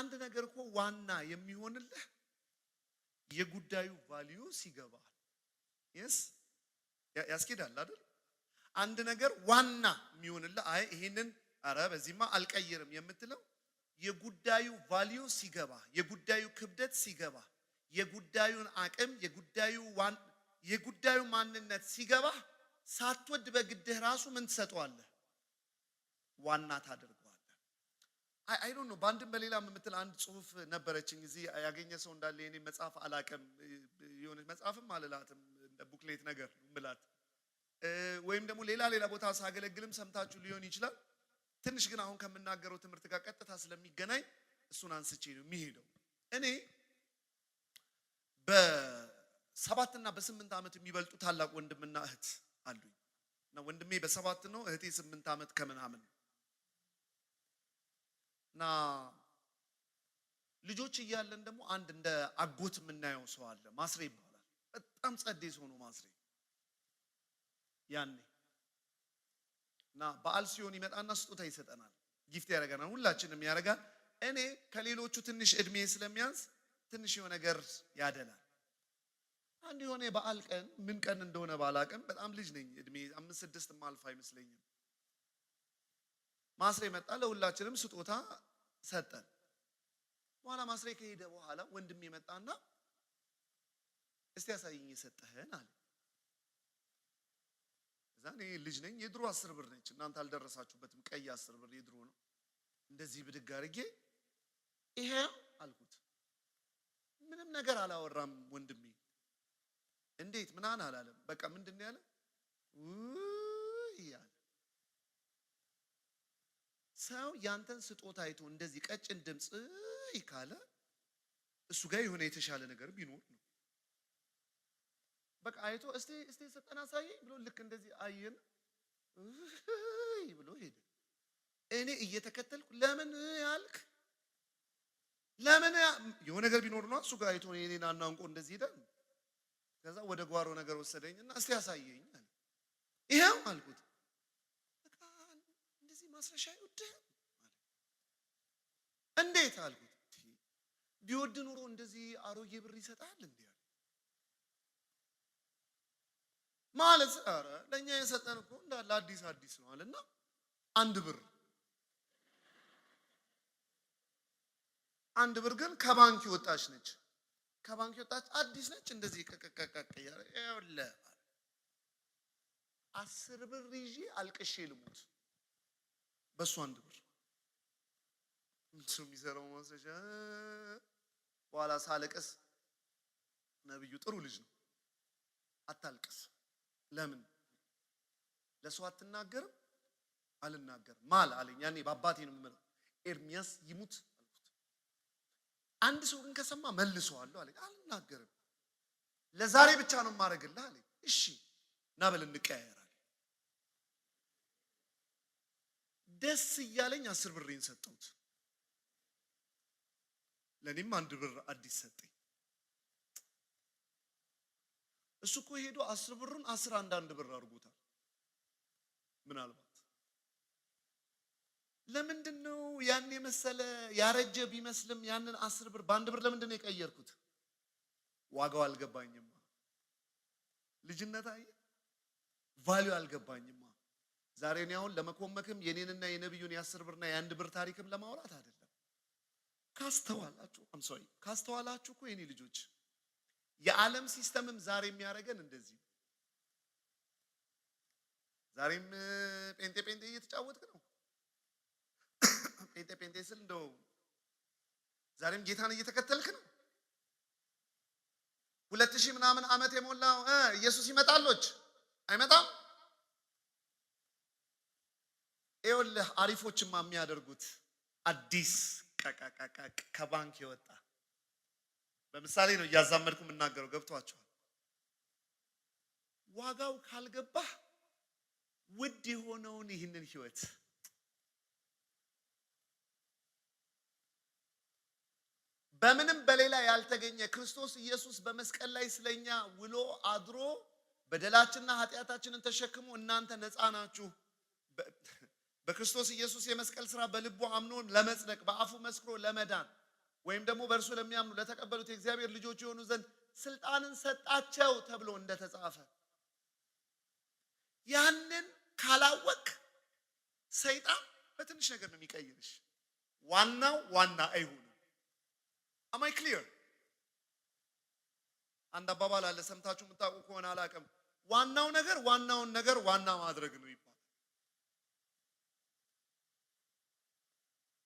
አንድ ነገር እኮ ዋና የሚሆንልህ የጉዳዩ ቫልዩ ሲገባል። የስ ያስኬዳል አይደል? አንድ ነገር ዋና የሚሆንልህ አይ ይሄንን አረ በዚህማ አልቀይርም የምትለው የጉዳዩ ቫልዩ ሲገባ፣ የጉዳዩ ክብደት ሲገባ፣ የጉዳዩን አቅም የጉዳዩ የጉዳዩ ማንነት ሲገባ ሳትወድ በግድህ ራሱ ምን ትሰጠዋለህ? ዋና ታደርግ ዶንት ኖ በአንድም በሌላም የምትል አንድ ጽሁፍ ነበረችኝ። እዚህ ያገኘ ሰው እንዳለ የኔ መጽሐፍ አላቀም የሆነች መጽሐፍም አልላትም ቡክሌት ነገር ምላት ወይም ደግሞ ሌላ ሌላ ቦታ ሳገለግልም ሰምታችሁ ሊሆን ይችላል። ትንሽ ግን አሁን ከምናገረው ትምህርት ጋር ቀጥታ ስለሚገናኝ እሱን አንስቼ ነው የሚሄደው። እኔ በሰባትና በስምንት ዓመት የሚበልጡ ታላቅ ወንድምና እህት አሉኝ እና ወንድሜ በሰባት ነው እህቴ ስምንት ዓመት ከምናምን ነው እና ልጆች እያለን ደግሞ አንድ እንደ አጎት የምናየው ሰው አለ። ማስሬ ይባላል። በጣም ጸዴ ሰው ነው ማስሬ ያኔ እና በዓል ሲሆን ይመጣና ስጦታ ይሰጠናል። ጊፍት ያደርገናል። ሁላችንም ያደርጋል። እኔ ከሌሎቹ ትንሽ እድሜ ስለሚያንስ ትንሽ የሆነ ነገር ያደላል። አንድ የሆነ የበዓል ቀን ምን ቀን እንደሆነ ባላቅም በጣም ልጅ ነኝ። እድሜ አምስት ስድስት ማልፍ አይመስለኝም። ማስሬ መጣ፣ ለሁላችንም ስጦታ ሰጠን። በኋላ ማስሬ ከሄደ በኋላ ወንድሜ መጣና እስቲ ያሳይኝ የሰጠህን አለ። እዛ እኔ ልጅ ነኝ፣ የድሮ አስር ብር ነች፣ እናንተ አልደረሳችሁበትም። ቀይ አስር ብር የድሮ ነው። እንደዚህ ብድግ አድርጌ ይሄ አልኩት። ምንም ነገር አላወራም ወንድሜ። እንዴት ምናን አላለም። በቃ ምንድን ያለ ውይ ያለ ሰው ያንተን ስጦታ አይቶ እንደዚህ ቀጭን ድምፅ ካለ እሱ ጋር የሆነ የተሻለ ነገር ቢኖር ነው። በቃ አይቶ እስቲ እስቲ ስጠና አሳየኝ ብሎ ልክ እንደዚህ አየን ብሎ ሄደ። እኔ እየተከተልኩ ለምን ያልክ ለምን የሆነ ነገር ቢኖር ነው። እሱ ጋር አይቶ እኔን አናንቆ እንደዚህ ሄደ። ከዛ ወደ ጓሮ ነገር ወሰደኝና እስቲ ያሳየኝ ይሄው አልኩት። በቃ እንደዚህ ማስረሻ እንዴት አልኩት። ቢወድ ኑሮ እንደዚህ አሮጌ ብር ይሰጣል እንዴ? ማለት ኧረ ለእኛ የሰጠን እኮ እንዳለ አዲስ አዲስ ነው አለና አንድ ብር አንድ ብር ግን ከባንክ ወጣች ነች። ከባንክ ወጣች አዲስ ነች። እንደዚህ ቀቀቀቀ ያለ አስር ብር ይዤ አልቅሼ ልሙት በሱ አንድ ብር እሱ የሚሰራው ማስረጃ በኋላ ሳለቀስ ነብዩ ጥሩ ልጅ ነው፣ አታልቅስ። ለምን ለሰው አትናገርም? አልናገርም ማል አለኝ። ያኔ በአባቴ ነው የምለው። ኤርሚያስ ይሙት አልኩት። አንድ ሰው ግን ከሰማ መልሰዋለሁ አለኝ። አልናገርም፣ ለዛሬ ብቻ ነው የማደርግልህ አለኝ። እሺ እና በል እንቀያየራለን። ደስ እያለኝ አስር ብሬን ሰጠሁት። ለእኔም አንድ ብር አዲስ ሰጠኝ። እሱ እኮ ሄዶ አስር ብሩን አስር አንዳንድ ብር አድርጎታል። ምናልባት ለምንድን ነው ያን የመሰለ ያረጀ ቢመስልም ያንን አስር ብር በአንድ ብር ለምንድን ነው የቀየርኩት? ዋጋው አልገባኝማ። ልጅነት አየ ቫሊዩ አልገባኝማ። ዛሬ እኔ አሁን ለመኮመክም የኔንና የነቢዩን የአስር ብርና የአንድ ብር ታሪክም ለማውራት አይደለም። ካስተዋላችሁ አም ሶሪ ካስተዋላችሁ እኮ የኔ ልጆች የዓለም ሲስተምም ዛሬ የሚያደርገን እንደዚህ ዛሬም ጴንጤ ጴንጤ እየተጫወትክ ነው። ጴንጤ ጴንጤ ስል እንደው ዛሬም ጌታን እየተከተልክ ነው። ሁለት ሺህ ምናምን ዓመት የሞላው ኢየሱስ ይመጣሎች አይመጣም? ይኸውልህ አሪፎችማ የሚያደርጉት አዲስ ቀቀቀቀቅ ከባንክ የወጣ በምሳሌ ነው እያዛመድኩ የምናገረው፣ ገብቷቸዋል። ዋጋው ካልገባ ውድ የሆነውን ይህንን ህይወት በምንም በሌላ ያልተገኘ ክርስቶስ ኢየሱስ በመስቀል ላይ ስለኛ ውሎ አድሮ በደላችንና ኃጢአታችንን ተሸክሞ እናንተ ነፃ ናችሁ በክርስቶስ ኢየሱስ የመስቀል ስራ በልቡ አምኖ ለመጽደቅ በአፉ መስክሮ ለመዳን ወይም ደግሞ በእርሱ ለሚያምኑ ለተቀበሉት የእግዚአብሔር ልጆች የሆኑ ዘንድ ስልጣንን ሰጣቸው ተብሎ እንደተጻፈ ያንን ካላወቅ ሰይጣን በትንሽ ነገር ነው የሚቀይርሽ። ዋናው ዋና አይሁን። አማይ ክሊር አንድ አባባል አለ፣ ሰምታችሁ የምታውቁ ከሆነ አላውቅም። ዋናው ነገር ዋናውን ነገር ዋና ማድረግ ነው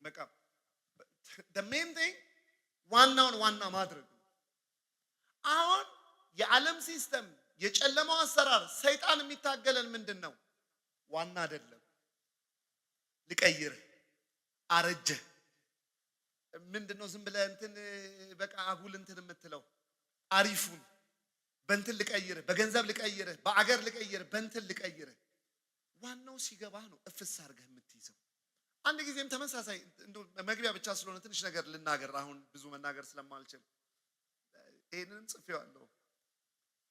በቃ ሜን ቲንግ ዋናውን ዋና ማድረግ ነው። አሁን የዓለም ሲስተም የጨለማው አሰራር ሰይጣን የሚታገለን ምንድን ነው? ዋና አይደለም። ልቀይርህ፣ አረጀ ምንድን ነው ዝም ብለህ እንትን በቃ አጉል እንትን የምትለው አሪፉን በእንትን ልቀይርህ፣ በገንዘብ ልቀይርህ፣ በአገር ልቀይርህ፣ በእንትን ልቀይርህ። ዋናው ሲገባህ ነው እፍስ አድርገህ የምትይዘው አንድ ጊዜም ተመሳሳይ መግቢያ ብቻ ስለሆነ ትንሽ ነገር ልናገር፣ አሁን ብዙ መናገር ስለማልችል ይህንንም ጽፌዋለሁ።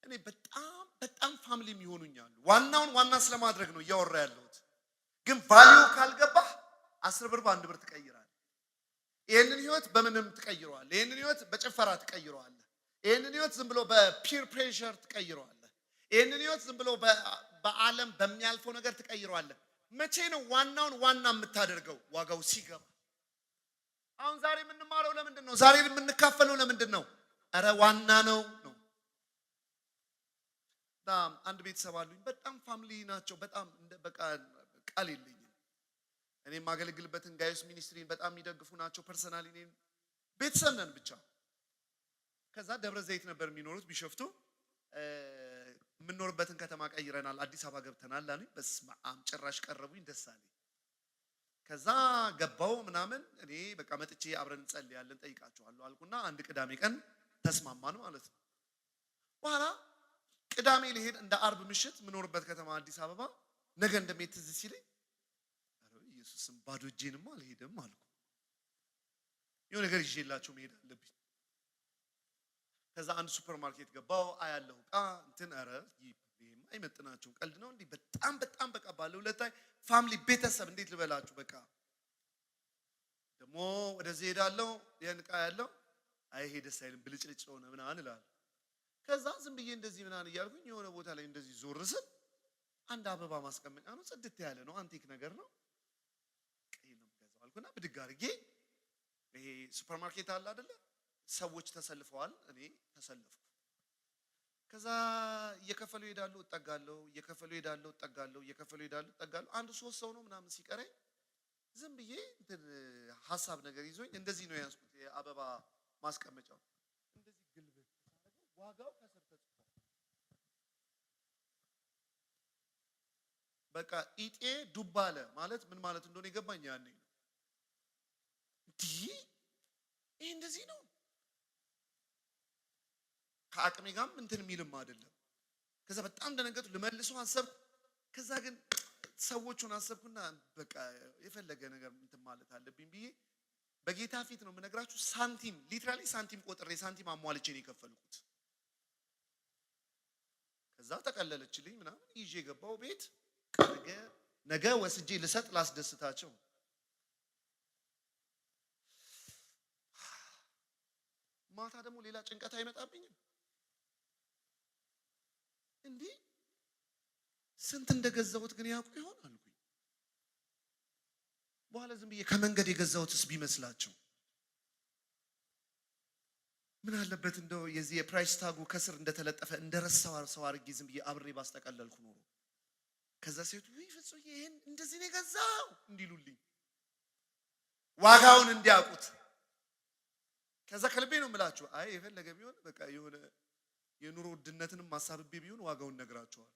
እኔ በጣም በጣም ፋሚሊ የሚሆኑኛሉ። ዋናውን ዋና ስለማድረግ ነው እያወራ ያለሁት። ግን ቫሊዩ ካልገባህ አስር ብር በአንድ ብር ትቀይራለህ። ይህንን ህይወት በምንም ትቀይረዋለህ። ይህንን ህይወት በጭፈራ ትቀይረዋለህ። ይህንን ህይወት ዝም ብሎ በፒር ፕሬሸር ትቀይረዋለህ። ይህንን ህይወት ዝም ብሎ በዓለም በሚያልፈው ነገር ትቀይረዋለህ። መቼ ነው ዋናውን ዋና የምታደርገው? ዋጋው ሲገባ። አሁን ዛሬ የምንማረው ለምንድን ነው? ዛሬ የምንካፈለው ለምንድን ነው? እረ ዋና ነው ነው። በጣም አንድ ቤተሰብ አሉኝ። በጣም ፋሚሊ ናቸው። በጣም በቃ ቃል የለኝም። እኔ የማገለግልበትን ጋዮስ ሚኒስትሪን በጣም የሚደግፉ ናቸው። ፐርሰናል እኔም ቤተሰብ ነን ብቻ። ከዛ ደብረ ዘይት ነበር የሚኖሩት ቢሸፍቱ? የምንኖርበትን ከተማ ቀይረናል፣ አዲስ አበባ ገብተናል አሉኝ። በስመ አብ ጭራሽ ቀረቡኝ፣ ደስ አለኝ። ከዛ ገባው ምናምን እኔ በቃ መጥቼ አብረን እንጸልያለን ጠይቃችኋለሁ አልኩና አንድ ቅዳሜ ቀን ተስማማን ማለት ነው። በኋላ ቅዳሜ ልሄድ እንደ አርብ ምሽት የምኖርበት ከተማ አዲስ አበባ ነገ እንደሚሄድ ትዝ ሲለኝ ኢየሱስም ባዶ እጄንማ አልሄድም አልኩ። የሆነ ነገር ይዤላቸው መሄድ አለብኝ። ከዛ አንድ ሱፐር ማርኬት ገባው አያለሁ እቃ እንትን ኧረ አይመጥናቸውም። ቀልድ ነው እንዲህ በጣም በጣም በቃ ባለ ሁለታይ ፋሚሊ ቤተሰብ እንዴት ልበላችሁ። በቃ ደግሞ ወደዚህ ሄዳለው ያን እቃ ያለው አይ ይሄ ደስ አይልም ብልጭልጭ ሆነ ምናን ይላል ከዛ ዝም ብዬ እንደዚህ ምናን እያልኩኝ የሆነ ቦታ ላይ እንደዚህ ዞር ስል አንድ አበባ ማስቀመጫ ነው፣ ጽድት ያለ ነው፣ አንቲክ ነገር ነው። ቀይ ነው ገዛው አልኩና ብድግ አድርጌ ይሄ ሱፐርማርኬት አለ አይደለ ሰዎች ተሰልፈዋል። እኔ ተሰለፍኩ። ከዛ እየከፈሉ ሄዳለሁ እጠጋለሁ። እየከፈሉ ሄዳለሁ እጠጋለሁ። እየከፈሉ ሄዳለሁ እጠጋለሁ። አንድ ሶስት ሰው ነው ምናምን ሲቀረኝ ዝም ብዬ እንትን ሀሳብ ነገር ይዞኝ እንደዚህ ነው የያዝኩት የአበባ ማስቀመጫው እንደዚህ ግልብት ዋጋው ከስር ተጽፏል። በቃ ኢጤ ዱብ አለ ማለት ምን ማለት እንደሆነ የገባኝ ያኔ ነው። ይህ እንደዚህ ነው ከአቅሜ ጋርም እንትን የሚልም አይደለም። ከዛ በጣም ደነገጡ። ልመልሶ አሰብኩ። ከዛ ግን ሰዎቹን አሰብኩና በቃ የፈለገ ነገር እንትን ማለት አለብኝ ብዬ በጌታ ፊት ነው የምነግራችሁ። ሳንቲም ሊትራሊ ሳንቲም ቆጥሬ ሳንቲም አሟልቼ ነው የከፈልኩት። ከዛ ተቀለለችልኝ ምናምን ይዤ የገባው ቤት ነገ ነገ ወስጄ ልሰጥ ላስደስታቸው። ማታ ደግሞ ሌላ ጭንቀት አይመጣብኝም። እንዲህ ስንት እንደገዛሁት ግን ያውቁ ይሆን አልኩኝ። በኋላ ዝም ብዬ ከመንገድ የገዛሁትስ ቢመስላቸው ምን አለበት እንደው የዚህ የፕራይስ ታጉ ከስር እንደተለጠፈ እንደረሳው ሰው አድርጌ ዝም ብዬ አብሬ ባስጠቀለልኩ ኖሮ ከዛ ሴቱ ውይ ፍጹም ይህን እንደዚህ ነው የገዛው እንዲሉልኝ ዋጋውን እንዲያውቁት ከዛ ከልቤ ነው የምላችሁ። አይ የፈለገ ቢሆን በቃ የሆነ የኑሮ ውድነትንም ማሳብቤ ቢሆን ዋጋውን ነግራቸዋል።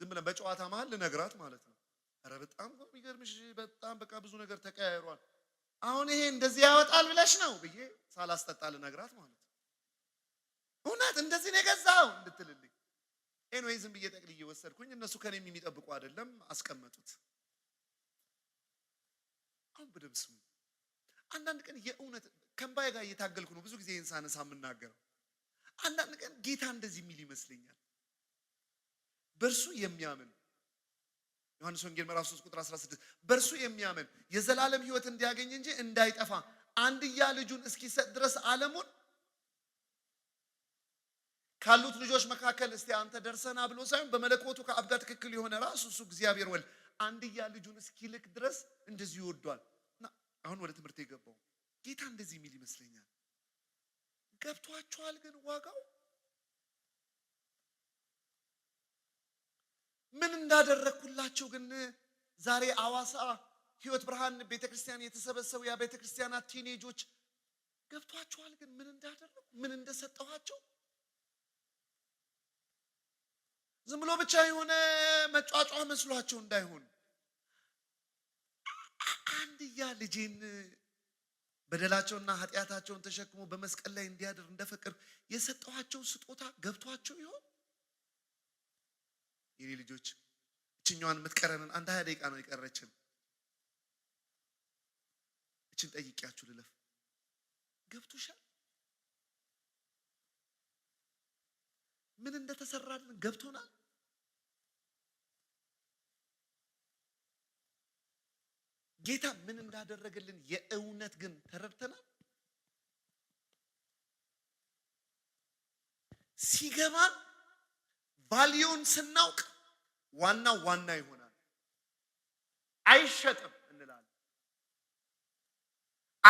ዝም ብለን በጨዋታ መሀል ልነግራት ማለት ነው። ኧረ በጣም የሚገርምሽ በጣም በቃ ብዙ ነገር ተቀያይሯል። አሁን ይሄ እንደዚህ ያወጣል ብለሽ ነው ብዬ ሳላስጠጣ ልነግራት ማለት ነው። እውነት እንደዚህ ነው የገዛው እንድትልልኝ ኤንዌይ ዝም ብዬ ጠቅልዬ ወሰድኩኝ። እነሱ ከኔ የሚጠብቁ አይደለም አስቀመጡት። አሁን በደምስሙ አንዳንድ ቀን የእውነት ከምባይ ጋር እየታገልኩ ነው ብዙ ጊዜ ይህን ሳነሳ የምናገረው አንዳንድ ቀን ጌታ እንደዚህ የሚል ይመስለኛል። በእርሱ የሚያምን ዮሐንስ ወንጌል ምዕራፍ 3 ቁጥር 16 በእርሱ የሚያምን የዘላለም ሕይወት እንዲያገኝ እንጂ እንዳይጠፋ አንድያ ልጁን እስኪሰጥ ድረስ ዓለሙን ካሉት ልጆች መካከል እስቲ አንተ ደርሰና ብሎ ሳይሆን በመለኮቱ ከአብ ጋር ትክክል የሆነ ራሱ እሱ እግዚአብሔር ወልድ አንድያ ልጁን እስኪልክ ድረስ እንደዚህ ይወዷል። አሁን ወደ ትምህርት የገባው ጌታ እንደዚህ የሚል ይመስለኛል። ገብቷቸዋል። ግን ዋጋው ምን እንዳደረግኩላቸው ግን ዛሬ አዋሳ ህይወት ብርሃን ቤተክርስቲያን የተሰበሰቡ ያ ቤተክርስቲያናት ቲኔጆች ገብቷቸዋል። ግን ምን እንዳደረግኩ ምን እንደሰጠኋቸው ዝም ብሎ ብቻ የሆነ መጫጫ መስሏቸው እንዳይሆን አንድያ ልጄን በደላቸውና ኃጢአታቸውን ተሸክሞ በመስቀል ላይ እንዲያድር እንደፈቀድ የሰጠኋቸው ስጦታ ገብቷቸው ይሆን? የኔ ልጆች እችኛዋን የምትቀረንን አንድ ሀያ ደቂቃ ነው የቀረችን። እችን ጠይቂያችሁ ልለፍ። ገብቶሻል? ምን እንደተሰራልን ገብቶናል? ጌታ ምን እንዳደረገልን የእውነት ግን ተረድተናል። ሲገባን ቫሊዮን ስናውቅ ዋናው ዋና ይሆናል። አይሸጥም እንላለን፣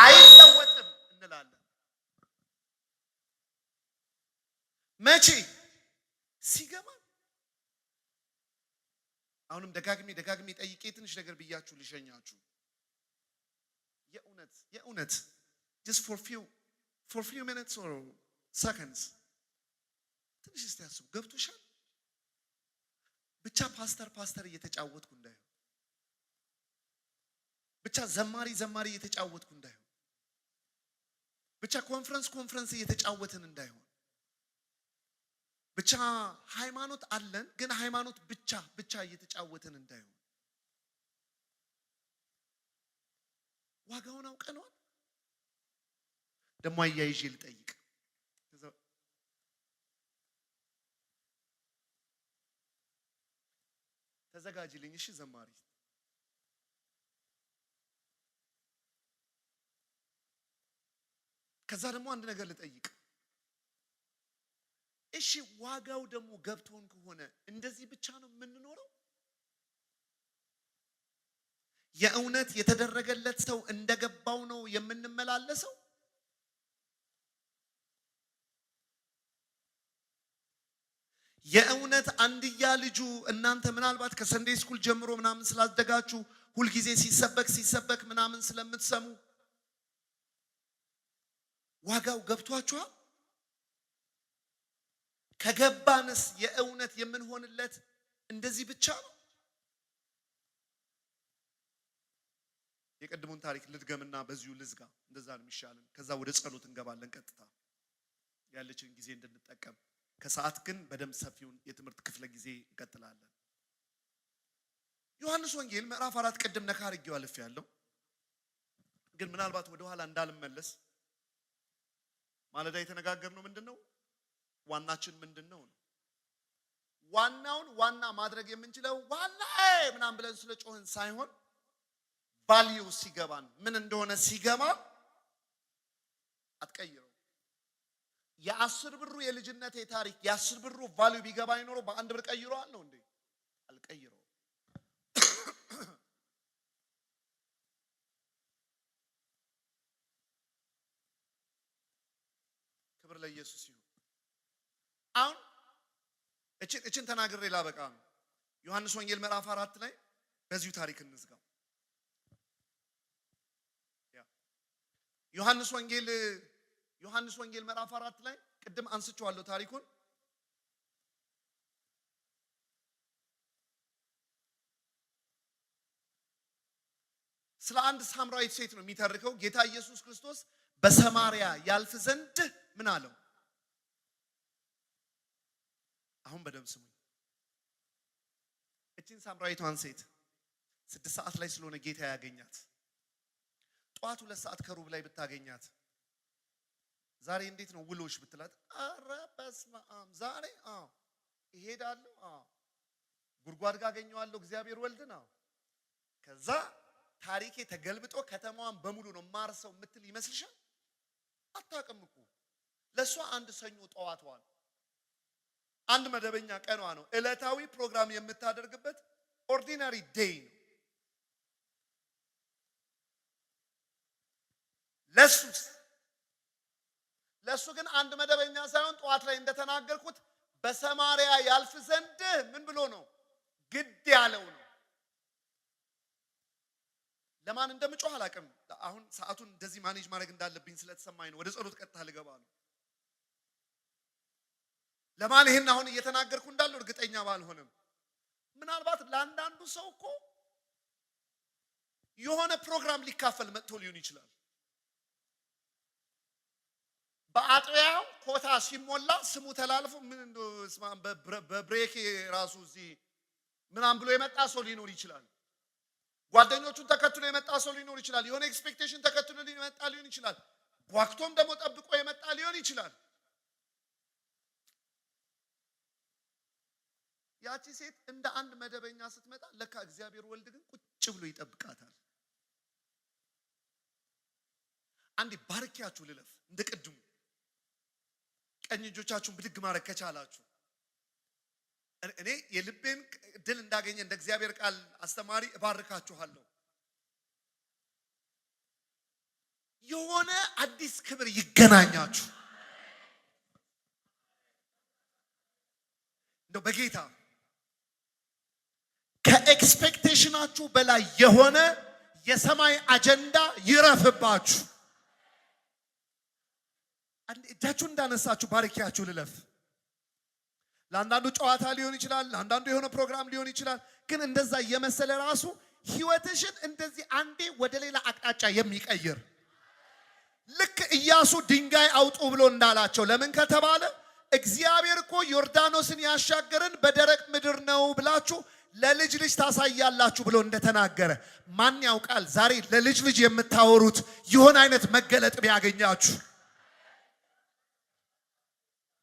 አይለወጥም እንላለን። መቼ ሲገባን አሁንም ደጋግሜ ደጋግሜ ጠይቄ ትንሽ ነገር ብያችሁ ልሸኛችሁ። የእውነት የእውነት just for few for few minutes or seconds ትንሽ እስቲ ያስቡ። ገብቶሻል? ብቻ ፓስተር ፓስተር እየተጫወትኩ እንዳይሆን፣ ብቻ ዘማሪ ዘማሪ እየተጫወትኩ እንዳይሆን፣ ብቻ ኮንፈረንስ ኮንፈረንስ እየተጫወትን እንዳይሆን፣ ብቻ ሃይማኖት አለን ግን ሃይማኖት ብቻ ብቻ እየተጫወትን እንዳይሆን ዋጋውን አውቀነዋል። ደግሞ አያይዤ ልጠይቅ። ተዘጋጅልኝ። እሺ ዘማሪ ከዛ ደግሞ አንድ ነገር ልጠይቅ። እሺ ዋጋው ደግሞ ገብቶን ከሆነ እንደዚህ ብቻ ነው የምንኖረው? የእውነት የተደረገለት ሰው እንደገባው ነው የምንመላለሰው? የእውነት አንድያ ልጁ እናንተ ምናልባት ከሰንዴ ስኩል ጀምሮ ምናምን ስላደጋችሁ ሁልጊዜ ሲሰበክ ሲሰበክ ምናምን ስለምትሰሙ ዋጋው ገብቷችኋል? ከገባንስ የእውነት የምንሆንለት እንደዚህ ብቻ ነው? የቅድሙን ታሪክ ልድገምና በዚሁ ልዝጋ። እንደዛ ነው የሚሻለን። ከዛ ወደ ጸሎት እንገባለን። ቀጥታ ያለችን ጊዜ እንድንጠቀም ከሰዓት ግን በደንብ ሰፊውን የትምህርት ክፍለ ጊዜ እንቀጥላለን። ዮሐንስ ወንጌል ምዕራፍ አራት ቅድም ነካ አድርጌው አልፍ ያለው ግን ምናልባት ወደኋላ እንዳልመለስ ማለዳ የተነጋገርነው ምንድን ነው? ዋናችን ምንድን ነው ነው ዋናውን ዋና ማድረግ የምንችለው ዋና ምናምን ብለን ስለ ጮህን ሳይሆን ቫልዩ ሲገባን ምን እንደሆነ ሲገባ አትቀይረው። የአስር ብሩ የልጅነቴ ታሪክ የአስር ብሩ ቫልዩ ቢገባ ይኖረው በአንድ ብር ቀይረዋል ነው እንዴ? አልቀይረው። ክብር ለኢየሱስ ይሁን። አሁን እችን ተናግሬ ላበቃ ነው። ዮሐንስ ወንጌል ምዕራፍ አራት ላይ በዚሁ ታሪክ እንዝጋው። ዮሐንስ ወንጌል ዮሐንስ ወንጌል ምዕራፍ አራት ላይ ቅድም አንስቼዋለሁ ታሪኩን ስለ አንድ ሳምራዊት ሴት ነው የሚተርከው። ጌታ ኢየሱስ ክርስቶስ በሰማሪያ ያልፍ ዘንድ ምን አለው? አሁን በደም ስሙ። እቺን ሳምራዊቷን ሴት ስድስት ሰዓት ላይ ስለሆነ ጌታ ያገኛት ጠዋት ሁለት ሰዓት ከሩብ ላይ ብታገኛት ዛሬ እንዴት ነው ውሎሽ ብትላት፣ አረ በስመ አብ ዛሬ እሄዳለሁ፣ ጉድጓድ ጋር አገኘዋለሁ እግዚአብሔር ወልድ ነው። ከዛ ታሪኬ ተገልብጦ ከተማዋን በሙሉ ነው ማርሰው የምትል ይመስልሻል? አታውቅም እኮ ለእሷ አንድ ሰኞ ጠዋቷ ነው፣ አንድ መደበኛ ቀኗ ነው። ዕለታዊ ፕሮግራም የምታደርግበት ኦርዲናሪ ዴይ ነው። ለሱስ ለሱ ግን አንድ መደበኛ ሳይሆን ጠዋት ላይ እንደተናገርኩት በሰማሪያ ያልፍ ዘንድ ምን ብሎ ነው ግድ ያለው ነው። ለማን እንደምጮህ አላውቅም። አሁን ሰዓቱን እንደዚህ ማኔጅ ማድረግ እንዳለብኝ ስለተሰማኝ ነው። ወደ ጸሎት ቀጥታ ልገባ ነው። ለማን ይህን አሁን እየተናገርኩ እንዳለው እርግጠኛ ባልሆንም፣ ምናልባት ለአንዳንዱ ሰው እኮ የሆነ ፕሮግራም ሊካፈል መጥቶ ሊሆን ይችላል። በአጥቢያው ኮታ ሲሞላ ስሙ ተላልፎ ምን ራሱ እዚህ ምናምን ብሎ የመጣ ሰው ሊኖር ይችላል። ጓደኞቹን ተከትሎ የመጣ ሰው ሊኖር ይችላል። የሆነ ኤክስፔክቴሽን ተከትሎ ሊመጣ ሊሆን ይችላል። ጓክቶም ደግሞ ጠብቆ የመጣ ሊሆን ይችላል። ያቺ ሴት እንደ አንድ መደበኛ ስትመጣ ለካ እግዚአብሔር ወልድ ግን ቁጭ ብሎ ይጠብቃታል። አንዴ ባርኪያችሁ ልለፍ እንደ ቅድሙ ቀኝ እጆቻችሁን ብድግ ማድረግ ከቻላችሁ እኔ የልቤን ድል እንዳገኘ እንደ እግዚአብሔር ቃል አስተማሪ እባርካችኋለሁ። የሆነ አዲስ ክብር ይገናኛችሁ። እንደው በጌታ ከኤክስፔክቴሽናችሁ በላይ የሆነ የሰማይ አጀንዳ ይረፍባችሁ። እጃችሁን እንዳነሳችሁ ባርኪያችሁ ልለፍ። ለአንዳንዱ ጨዋታ ሊሆን ይችላል፣ ለአንዳንዱ የሆነ ፕሮግራም ሊሆን ይችላል። ግን እንደዛ እየመሰለ ራሱ ህይወትሽን እንደዚህ አንዴ ወደ ሌላ አቅጣጫ የሚቀይር ልክ ኢያሱ ድንጋይ አውጡ ብሎ እንዳላቸው ለምን ከተባለ እግዚአብሔር እኮ ዮርዳኖስን ያሻገርን በደረቅ ምድር ነው ብላችሁ ለልጅ ልጅ ታሳያላችሁ ብሎ እንደተናገረ ማን ያውቃል? ዛሬ ለልጅ ልጅ የምታወሩት ይሆን አይነት መገለጥ ቢያገኛችሁ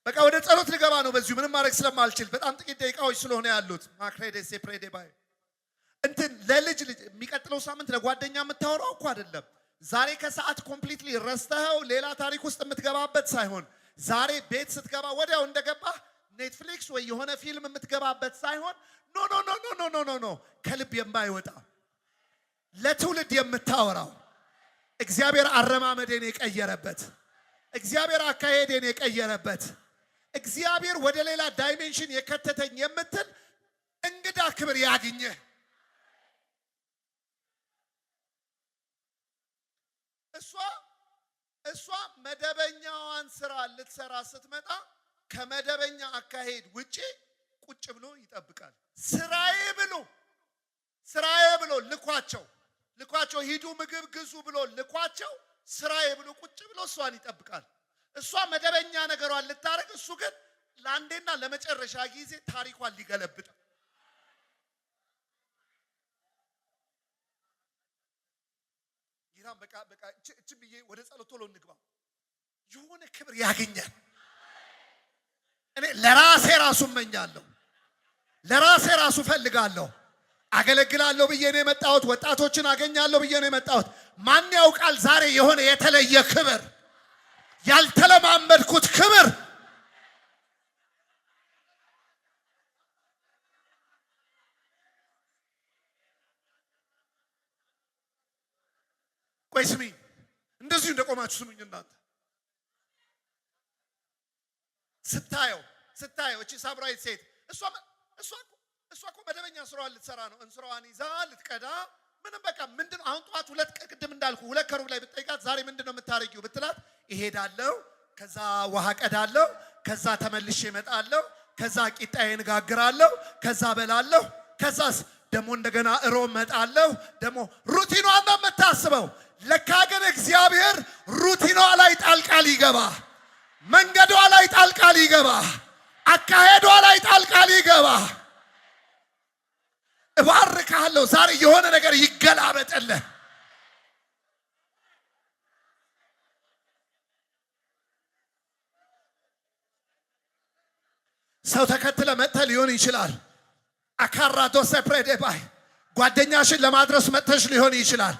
በቃ ወደ ጸሎት ልገባ ነው። በዚሁ ምንም ማድረግ ስለማልችል በጣም ጥቂት ደቂቃዎች ስለሆነ ያሉት ማክሬዴሴ ፕሬዴ ባይ እንትን ለልጅ ልጅ የሚቀጥለው ሳምንት ለጓደኛ የምታወራው እኮ አይደለም። ዛሬ ከሰዓት ኮምፕሊትሊ ረስተኸው ሌላ ታሪክ ውስጥ የምትገባበት ሳይሆን ዛሬ ቤት ስትገባ ወዲያው እንደገባ ኔትፍሊክስ ወይ የሆነ ፊልም የምትገባበት ሳይሆን ኖ ኖ ኖ ኖ ኖ ኖ ኖ ከልብ የማይወጣ ለትውልድ የምታወራው እግዚአብሔር አረማመዴን የቀየረበት እግዚአብሔር አካሄዴን የቀየረበት እግዚአብሔር ወደ ሌላ ዳይሜንሽን የከተተኝ የምትል እንግዳ ክብር ያግኘ እሷ እሷ መደበኛዋን ስራ ልትሰራ ስትመጣ ከመደበኛ አካሄድ ውጪ ቁጭ ብሎ ይጠብቃል። ስራዬ ብሎ ስራዬ ብሎ ልኳቸው ልኳቸው ሂዱ ምግብ ግዙ ብሎ ልኳቸው ስራዬ ብሎ ቁጭ ብሎ እሷን ይጠብቃል። እሷ መደበኛ ነገሯን ልታረግ፣ እሱ ግን ለአንዴና ለመጨረሻ ጊዜ ታሪኳን ሊገለብጥ ጌታም በቃ በቃ እቺ ብዬ ወደ ጸሎት ቶሎ እንግባ። የሆነ ክብር ያገኛል። እኔ ለራሴ ራሱ እመኛለሁ፣ ለራሴ ራሱ ፈልጋለሁ አገለግላለሁ ብዬ ነው የመጣሁት። ወጣቶችን አገኛለሁ ብዬ ነው የመጣሁት። ማን ያውቃል ዛሬ የሆነ የተለየ ክብር ያልተለማመድኩት ክብር ቆይ እንደዚሁ እንደቆማችሁ ስሙኝ። እናንተ ስታየው ስታየው እቺ ሳምራዊት ሴት እሷ እሷ እሷ እኮ መደበኛ ስራዋን ልትሰራ ነው። እንስራዋን ይዛ ልትቀዳ ምንም በቃ ምንድን አሁን ጠዋት ሁለት ቅድም እንዳልኩ ሁለት ከሩብ ላይ ብጠይቃት ዛሬ ምንድን ነው የምታረጊው ብትላት ይሄዳለው፣ ከዛ ውሃ ቀዳለው፣ ከዛ ተመልሼ እመጣለሁ፣ ከዛ ቂጣዬን እጋግራለሁ፣ ከዛ በላለሁ፣ ከዛስ ደግሞ እንደገና እሮ መጣለሁ። ደግሞ ሩቲኗን ነው የምታስበው። ለካ ግን እግዚአብሔር ሩቲኗ ላይ ጣልቃ ሊገባ፣ መንገዷ ላይ ጣልቃ ሊገባ፣ አካሄዷ ላይ ጣልቃ ሊገባ እባርካለሁ። ዛሬ የሆነ ነገር ይገላበጠልህ። ሰው ተከትለ መጥተ ሊሆን ይችላል። አካራዶ ሰፕሬዴባይ ጓደኛሽን ለማድረስ መጥተሽ ሊሆን ይችላል።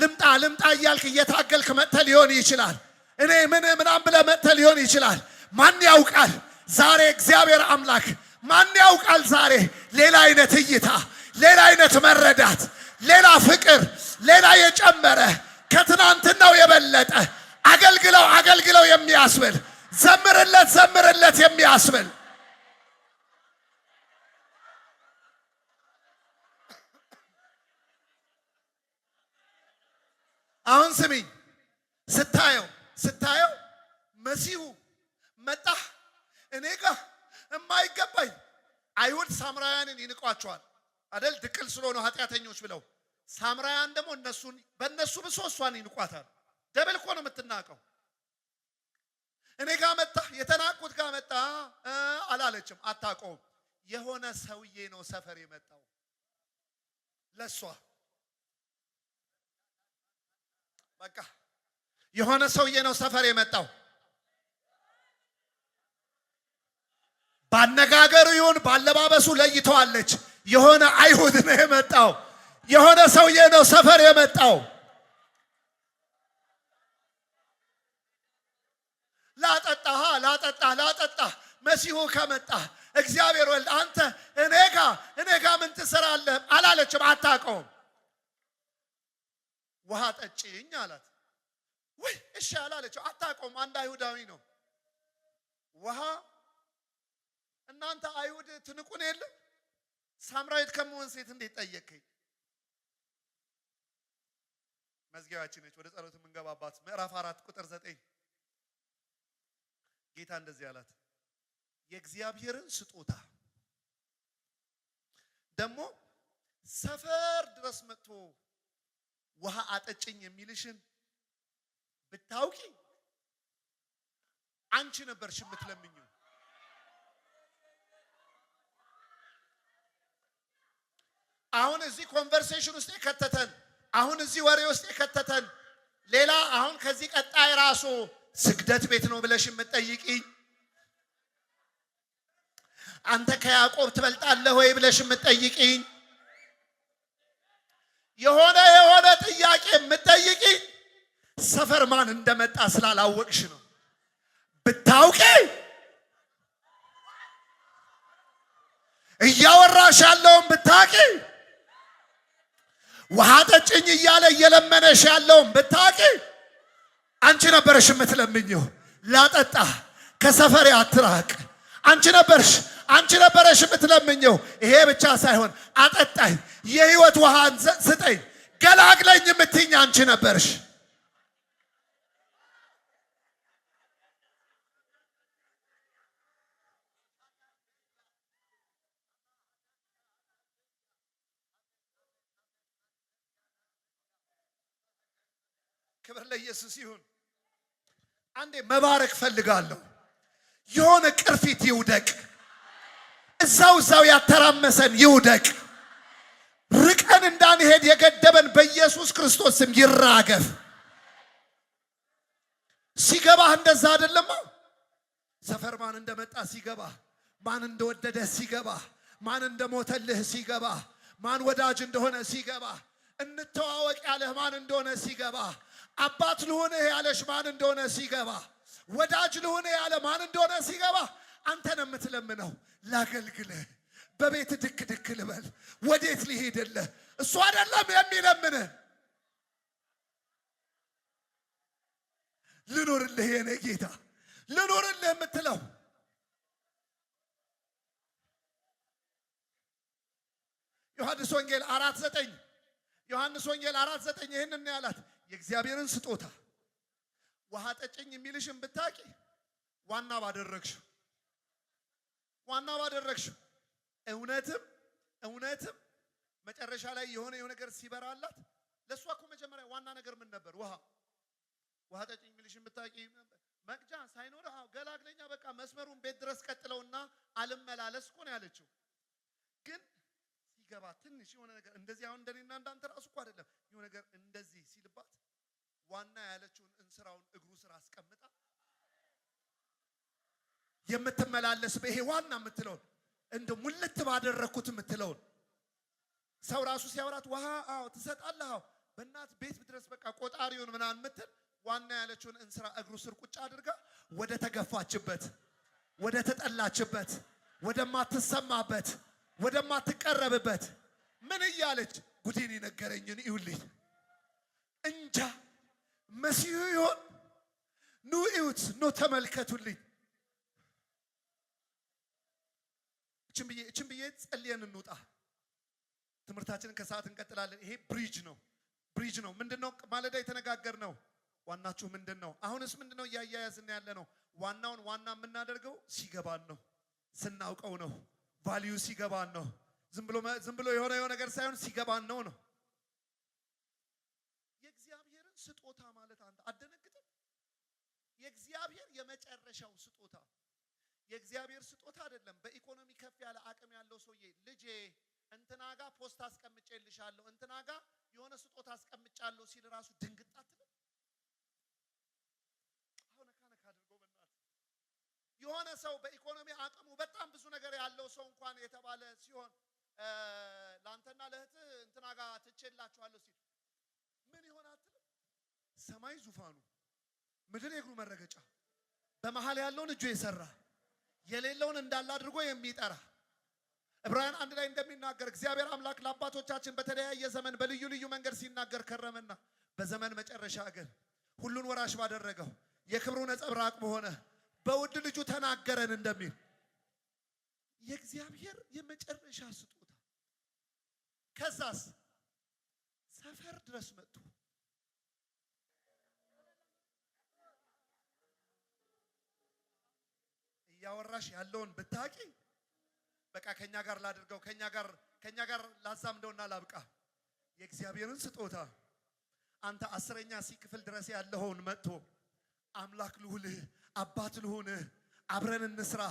ልምጣ ልምጣ እያልክ እየታገልክ መጥተ ሊሆን ይችላል። እኔ ምን ምናም ብለ መጥተ ሊሆን ይችላል። ማን ያውቃል? ዛሬ እግዚአብሔር አምላክ ማን ያውቃል? ዛሬ ሌላ አይነት እይታ ሌላ አይነት መረዳት፣ ሌላ ፍቅር፣ ሌላ የጨመረ ከትናንትናው የበለጠ አገልግለው አገልግለው የሚያስብል ዘምርለት ዘምርለት የሚያስብል አሁን ስሚኝ። ስታየው ስታየው መሲሁ መጣ እኔ ጋር የማይገባኝ አይሁድ ሳምራውያንን ይንቋቸዋል። አደል ድቅል ስለሆኑ ኃጢአተኞች ብለው ሳምራውያን ደግሞ እነሱን በእነሱ ብሶ እሷን ይንቋታል። ደብል እኮ ነው የምትናቀው። እኔ ጋር መጣ የተናቁት ጋር መጣ አላለችም። አታውቀውም። የሆነ ሰውዬ ነው ሰፈር የመጣው ለእሷ በቃ የሆነ ሰውዬ ነው ሰፈር የመጣው። ባነጋገሩ ይሁን ባለባበሱ ለይተዋለች። የሆነ አይሁድ ነው የመጣው። የሆነ ሰውዬ ነው ሰፈር የመጣው። ላጠጣ ላጠጣ ላጠጣ መሲሁ ከመጣ እግዚአብሔር ወልድ አንተ እኔ ጋ እኔ ጋ ምን ትሰራለህ አላለችም። አታውቀውም። ውሃ ጠጪኝ አላት። ወይ እሺ አላለችው። አታውቀውም። አንድ አይሁዳዊ ነው። ውሃ እናንተ አይሁድ ትንቁን የለም ሳምራዊት ከመሆን ሴት እንዴት ጠየቀኝ? መዝጊያችን ነች። ወደ ጸሎት የምንገባባት ምዕራፍ አራት ቁጥር ዘጠኝ ጌታ እንደዚህ አላት፣ የእግዚአብሔርን ስጦታ ደግሞ ሰፈር ድረስ መጥቶ ውሃ አጠጭኝ የሚልሽን ብታውቂ አንቺ ነበርሽ የምትለምኝው። አሁን እዚህ ኮንቨርሴሽን ውስጥ የከተተን አሁን እዚህ ወሬ ውስጥ የከተተን ሌላ አሁን ከዚህ ቀጣይ ራሱ ስግደት ቤት ነው ብለሽ የምትጠይቂኝ አንተ ከያዕቆብ ትበልጣለህ ወይ ብለሽ የምትጠይቂኝ የሆነ የሆነ ጥያቄ የምትጠይቂኝ ሰፈር ማን እንደመጣ ስላላወቅሽ ነው። ብታውቂ እያወራሽ ያለውን ብታውቂ ውሃ ጠጭኝ እያለ እየለመነሽ ያለውን ብታቂ አንቺ ነበርሽ የምትለምኘው። ላጠጣ ከሰፈሬ አትራቅ። አንቺ ነበርሽ አንቺ ነበረሽ የምትለምኘው። ይሄ ብቻ ሳይሆን አጠጣኝ፣ የህይወት ውሃን ስጠኝ፣ ገላግለኝ የምትይኝ አንቺ ነበርሽ። ለኢየሱስ ይሁን። አንዴ መባረክ ፈልጋለሁ። የሆነ ቅርፊት ይውደቅ፣ እዛው እዛው ያተራመሰን ይውደቅ፣ ርቀን እንዳንሄድ የገደበን በኢየሱስ ክርስቶስ ስም ይራገፍ። ሲገባህ እንደዛ አይደለም? ሰፈር ማን እንደመጣ ሲገባህ፣ ማን እንደወደደ ሲገባህ፣ ማን እንደሞተልህ ሲገባህ፣ ማን ወዳጅ እንደሆነ ሲገባህ፣ እንተዋወቅ ያለህ ማን እንደሆነ ሲገባህ አባት ልሆንህ ያለሽ ማን እንደሆነ ሲገባ፣ ወዳጅ ልሆነ ያለ ማን እንደሆነ ሲገባ፣ ነው የምትለምነው ላገልግልህ፣ በቤት ድክ ድክ ልበል፣ ወዴት ሊሄድልህ እሱ አይደለም የሚለምንህ ልኑርልህ የኔ ጌታ ልኖርልህ የምትለው ዮሐንስ ወንጌል አራት ዘጠኝ ዮሐንስ ወንጌል አራት ዘጠኝ ይህንን ያላት የእግዚአብሔርን ስጦታ ውሃ ጠጭኝ የሚልሽን ብታቂ ዋና ባደረግሽው ዋና ባደረግሽው እውነትም እውነትም መጨረሻ ላይ የሆነ የሆነ ነገር ሲበራላት ለእሷ እኮ መጀመሪያ ዋና ነገር ምን ነበር? ውሃ ውሃ ጠጭኝ የሚልሽን ብታቂ መቅጃ ሳይኖር ገላግለኛ በቃ መስመሩን ቤት ድረስ ቀጥለውና አልመላለስ እኮ ነው ያለችው ግን ሲገባ ትንሽ የሆነ ነገር እንደዚህ አሁን እንደኔና እንዳንተ ራሱ እኮ አይደለም የሆነ ነገር እንደዚህ ሲልባት ዋና ያለችውን እንስራውን እግሩ ስራ አስቀምጣ የምትመላለስ ይሄ ዋና የምትለውን እንደ ሙልት ባደረግኩት የምትለውን ሰው ራሱ ሲያወራት ውሃ አዎ ትሰጣለህ፣ አዎ በእናት ቤት ድረስ በቃ ቆጣሪውን ምናምን የምትል ዋና ያለችውን እንስራ እግሩ ስር ቁጭ አድርጋ ወደ ተገፋችበት፣ ወደ ተጠላችበት፣ ወደማትሰማበት ወደማትቀረብበት ምን እያለች ጉዴን የነገረኝን ይውልኝ እንጃ መሲሁ ይሆን ኑ እዩት፣ ኑ ተመልከቱልኝ። እችን ብዬ ጸልየን እንውጣ። ትምህርታችንን ከሰዓት እንቀጥላለን። ይሄ ብሪጅ ነው፣ ብሪጅ ነው። ምንድን ነው ማለዳ የተነጋገር ነው? ዋናችሁ ምንድን ነው? አሁንስ ምንድን ነው እያያያዝን ያለ ነው? ዋናውን ዋና የምናደርገው ሲገባን ነው፣ ስናውቀው ነው። ቫሊዩ ሲገባን ነው። ዝም ብሎ የሆነ የሆነ ነገር ሳይሆን ሲገባን ነው ነው የእግዚአብሔርን ስጦታ ማለት አንተ አደነግጥም። የእግዚአብሔር የመጨረሻው ስጦታ የእግዚአብሔር ስጦታ አይደለም። በኢኮኖሚ ከፍ ያለ አቅም ያለው ሰውዬ ልጄ እንትና ጋ ፖስታ አስቀምጬልሻለሁ እንትና ጋ የሆነ ስጦታ አስቀምጫለሁ ሲል ራሱ ድንግጥ አትልም። የሆነ ሰው በኢኮኖሚ አቅሙ በጣም ብዙ ነገር ያለው ሰው እንኳን የተባለ ሲሆን ለአንተና ለእህትህ እንትና ጋር ትቼላችኋለሁ ሲል ምን ይሆን አትልም? ሰማይ ዙፋኑ፣ ምድር የእግሩ መረገጫ፣ በመሀል ያለውን እጁ የሰራ የሌለውን እንዳለ አድርጎ የሚጠራ ዕብራውያን አንድ ላይ እንደሚናገር እግዚአብሔር አምላክ ለአባቶቻችን በተለያየ ዘመን በልዩ ልዩ መንገድ ሲናገር ከረመና በዘመን መጨረሻ ግን ሁሉን ወራሽ ባደረገው የክብሩ ነጸብራቅ በሆነ በውድ ልጁ ተናገረን እንደሚል የእግዚአብሔር የመጨረሻ ስጦታ ከዛስ ሰፈር ድረስ መጡ። እያወራሽ ያለውን ብታቂ በቃ ከኛ ጋር ላድርገው ከኛ ጋር ከኛ ጋር ላዛምደውና ላብቃ። የእግዚአብሔርን ስጦታ አንተ አስረኛ ሲ ክፍል ድረስ ያለውን መጥቶ አምላክ ልሁልህ አባት ልሁን አብረን እንስራ፣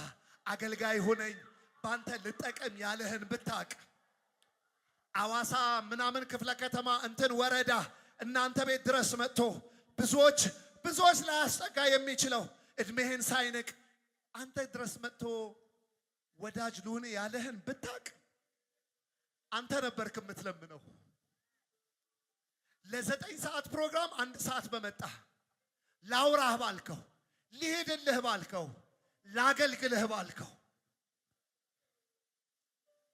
አገልጋይ ሆነኝ ባንተ ልጠቅም ያለህን ብታቅ አዋሳ ምናምን ክፍለ ከተማ እንትን ወረዳ እናንተ ቤት ድረስ መጥቶ ብዙዎች ብዙዎች ላያስጠጋ የሚችለው እድሜህን ሳይንቅ አንተ ድረስ መጥቶ ወዳጅ ልሁን ያለህን ብታቅ አንተ ነበርክ የምትለምነው። ለዘጠኝ ሰዓት ፕሮግራም አንድ ሰዓት በመጣ ላውራህ ባልከው ልሄድልህ ባልከው ላገልግልህ ባልከው